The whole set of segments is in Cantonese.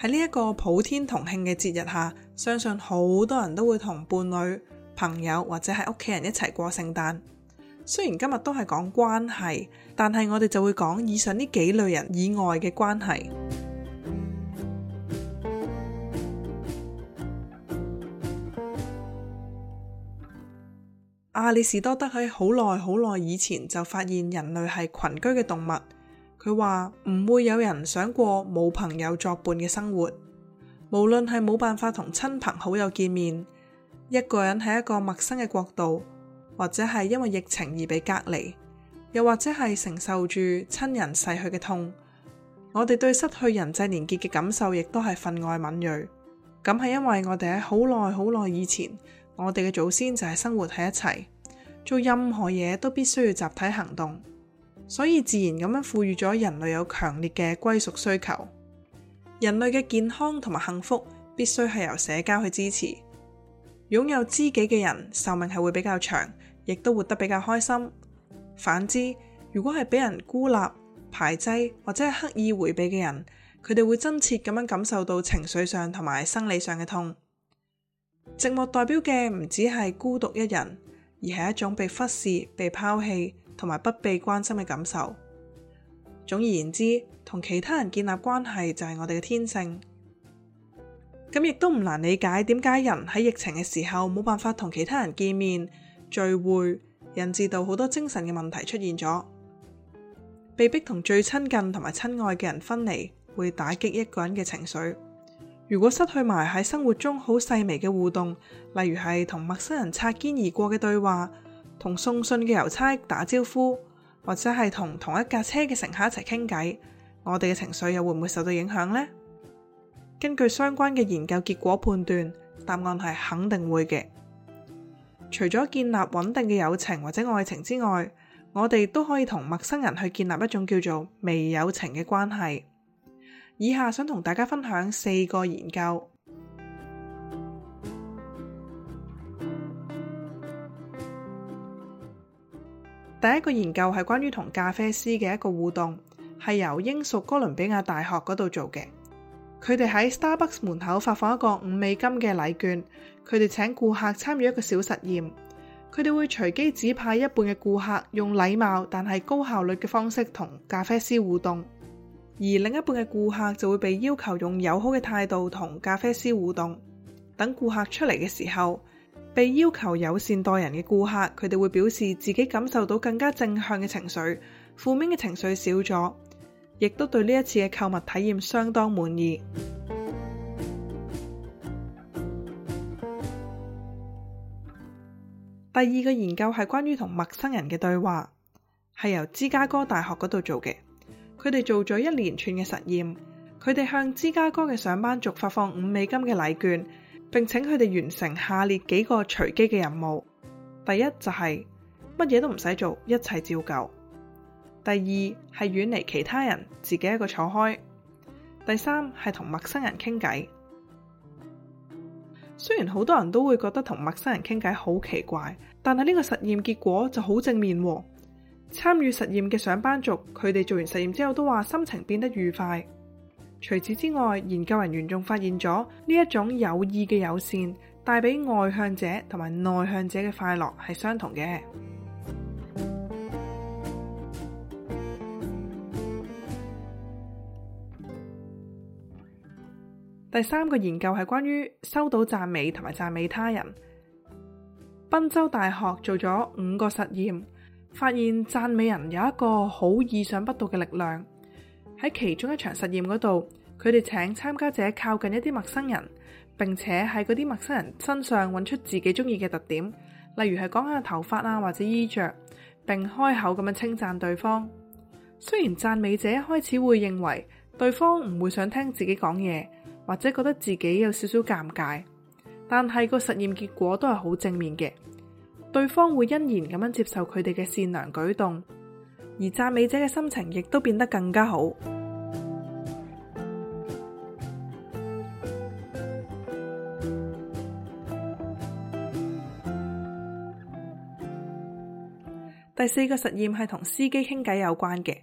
喺呢一個普天同慶嘅節日下，相信好多人都會同伴侶、朋友或者係屋企人一齊過聖誕。雖然今日都係講關係，但係我哋就會講以上呢幾類人以外嘅關係。阿里士多德喺好耐好耐以前就發現人類係群居嘅動物。佢話唔會有人想過冇朋友作伴嘅生活，無論係冇辦法同親朋好友見面，一個人喺一個陌生嘅國度，或者係因為疫情而被隔離，又或者係承受住親人逝去嘅痛，我哋對失去人際連結嘅感受，亦都係分外敏銳。咁係因為我哋喺好耐好耐以前，我哋嘅祖先就係生活喺一齊，做任何嘢都必須要集體行動。所以自然咁樣賦予咗人類有強烈嘅歸屬需求。人類嘅健康同埋幸福必須係由社交去支持。擁有知己嘅人壽命係會比較長，亦都活得比較開心。反之，如果係俾人孤立、排擠或者係刻意回避嘅人，佢哋會真切咁樣感受到情緒上同埋生理上嘅痛。寂寞代表嘅唔止係孤獨一人，而係一種被忽視、被拋棄同埋不被關心嘅感受。總而言之，同其他人建立關係就係我哋嘅天性。咁亦都唔難理解點解人喺疫情嘅時候冇辦法同其他人見面、聚會，引致到好多精神嘅問題出現咗。被逼同最親近同埋親愛嘅人分離，會打擊一個人嘅情緒。如果失去埋喺生活中好細微嘅互動，例如係同陌生人擦肩而過嘅對話。同送信嘅郵差打招呼，或者係同同一架車嘅乘客一齊傾偈，我哋嘅情緒又會唔會受到影響呢？根據相關嘅研究結果判斷，答案係肯定會嘅。除咗建立穩定嘅友情或者愛情之外，我哋都可以同陌生人去建立一種叫做微友情嘅關係。以下想同大家分享四個研究。第一個研究係關於同咖啡師嘅一個互動，係由英屬哥倫比亞大學嗰度做嘅。佢哋喺 Starbucks 門口發放一個五美金嘅禮券，佢哋請顧客參與一個小實驗。佢哋會隨機指派一半嘅顧客用禮貌但係高效率嘅方式同咖啡師互動，而另一半嘅顧客就會被要求用友好嘅態度同咖啡師互動。等顧客出嚟嘅時候，被要求友善待人嘅顧客，佢哋會表示自己感受到更加正向嘅情緒，負面嘅情緒少咗，亦都對呢一次嘅購物體驗相當滿意。 第二個研究係關於同陌生人嘅對話，係由芝加哥大學嗰度做嘅。佢哋做咗一連串嘅實驗，佢哋向芝加哥嘅上班族發放五美金嘅禮券。並請佢哋完成下列幾個隨機嘅任務：第一就係乜嘢都唔使做，一切照舊；第二係遠離其他人，自己一個坐開；第三係同陌生人傾偈。雖然好多人都會覺得同陌生人傾偈好奇怪，但係呢個實驗結果就好正面。參與實驗嘅上班族，佢哋做完實驗之後都話心情變得愉快。除此之外，研究人員仲發現咗呢一種有意嘅友善，帶俾外向者同埋內向者嘅快樂係相同嘅。 第三個研究係關於收到讚美同埋讚美他人。賓州大學做咗五個實驗，發現讚美人有一個好意想不到嘅力量。喺其中一場實驗嗰度，佢哋請參加者靠近一啲陌生人，並且喺嗰啲陌生人身上揾出自己中意嘅特點，例如係講下頭髮啊或者衣着，並開口咁樣稱讚對方。雖然讚美者一開始會認為對方唔會想聽自己講嘢，或者覺得自己有少少尷尬，但係個實驗結果都係好正面嘅，對方會欣然咁樣接受佢哋嘅善良舉動。而讚美者嘅心情亦都變得更加好。第四個實驗係同司機傾偈有關嘅。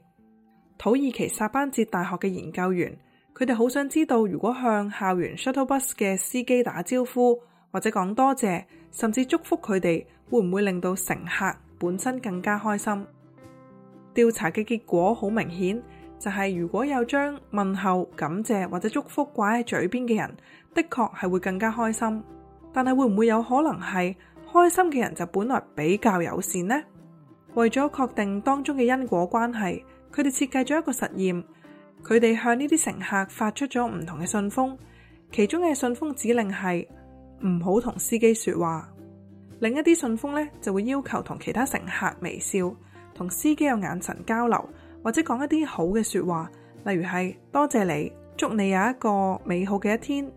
土耳其薩班哲大學嘅研究員，佢哋好想知道，如果向校園 shuttle bus 嘅司機打招呼，或者講多謝，甚至祝福佢哋，會唔會令到乘客本身更加開心？調查嘅結果好明顯，就係如果有將問候、感謝或者祝福掛喺嘴邊嘅人，的確係會更加開心。但係會唔會有可能係開心嘅人就本來比較友善呢？為咗確定當中嘅因果關係，佢哋設計咗一個實驗。佢哋向呢啲乘客發出咗唔同嘅信封，其中嘅信封指令係唔好同司機說話，另一啲信封呢就會要求同其他乘客微笑。同司機有眼神交流，或者講一啲好嘅說話，例如係多謝你，祝你有一個美好嘅一天。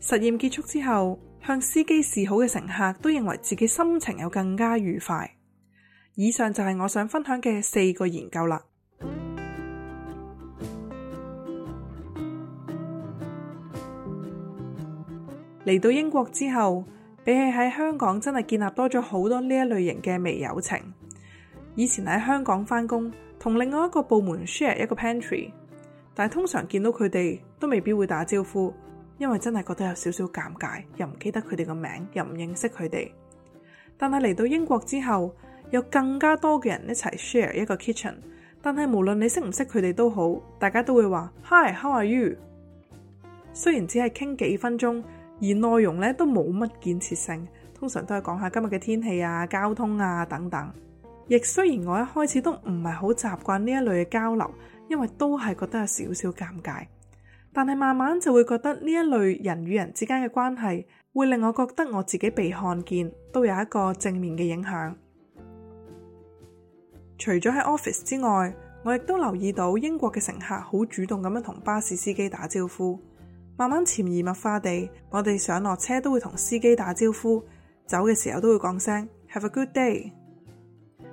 實驗結束之後，向司機示好嘅乘客都認為自己心情有更加愉快。以上就係我想分享嘅四個研究啦。嚟到英國之後，比起喺香港，真係建立多咗好多呢一類型嘅微友情。以前喺香港翻工，同另外一個部門 share 一個 pantry，但係通常見到佢哋都未必會打招呼，因為真係覺得有少少尷尬，又唔記得佢哋個名，又唔認識佢哋。但係嚟到英國之後，有更加多嘅人一齊 share 一個 kitchen，但係無論你識唔識佢哋都好，大家都會話 Hi，how are you？雖然只係傾幾分鐘。而內容呢都冇乜建設性，通常都係講下今日嘅天氣啊、交通啊等等。亦雖然我一開始都唔係好習慣呢一類嘅交流，因為都係覺得有少少尷尬。但係慢慢就會覺得呢一類人與人之間嘅關係，會令我覺得我自己被看見，都有一個正面嘅影響。除咗喺 office 之外，我亦都留意到英國嘅乘客好主動咁樣同巴士司機打招呼。慢慢潛移默化地，我哋上落車都會同司機打招呼，走嘅時候都會講聲 Have a good day。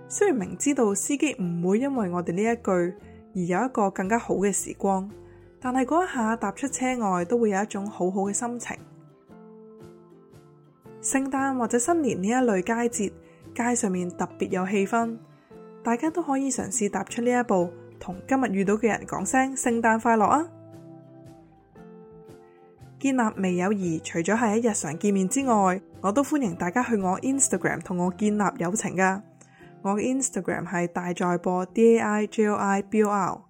雖然明知道司機唔會因為我哋呢一句而有一個更加好嘅時光，但係嗰一下踏出車外都會有一種好好嘅心情。聖誕或者新年呢一類佳節，街上面特別有氣氛，大家都可以嘗試踏出呢一步，同今日遇到嘅人講聲聖誕快樂啊！建立微友誼，除咗係喺日常見面之外，我都歡迎大家去我 Instagram 同我建立友情噶。我嘅 Instagram 係大在播 D A I J O I B O R。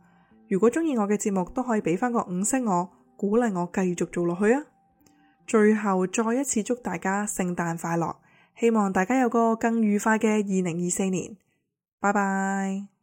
如果中意我嘅節目，都可以俾翻個五星我，鼓勵我繼續做落去啊！最後再一次祝大家聖誕快樂，希望大家有個更愉快嘅二零二四年。拜拜。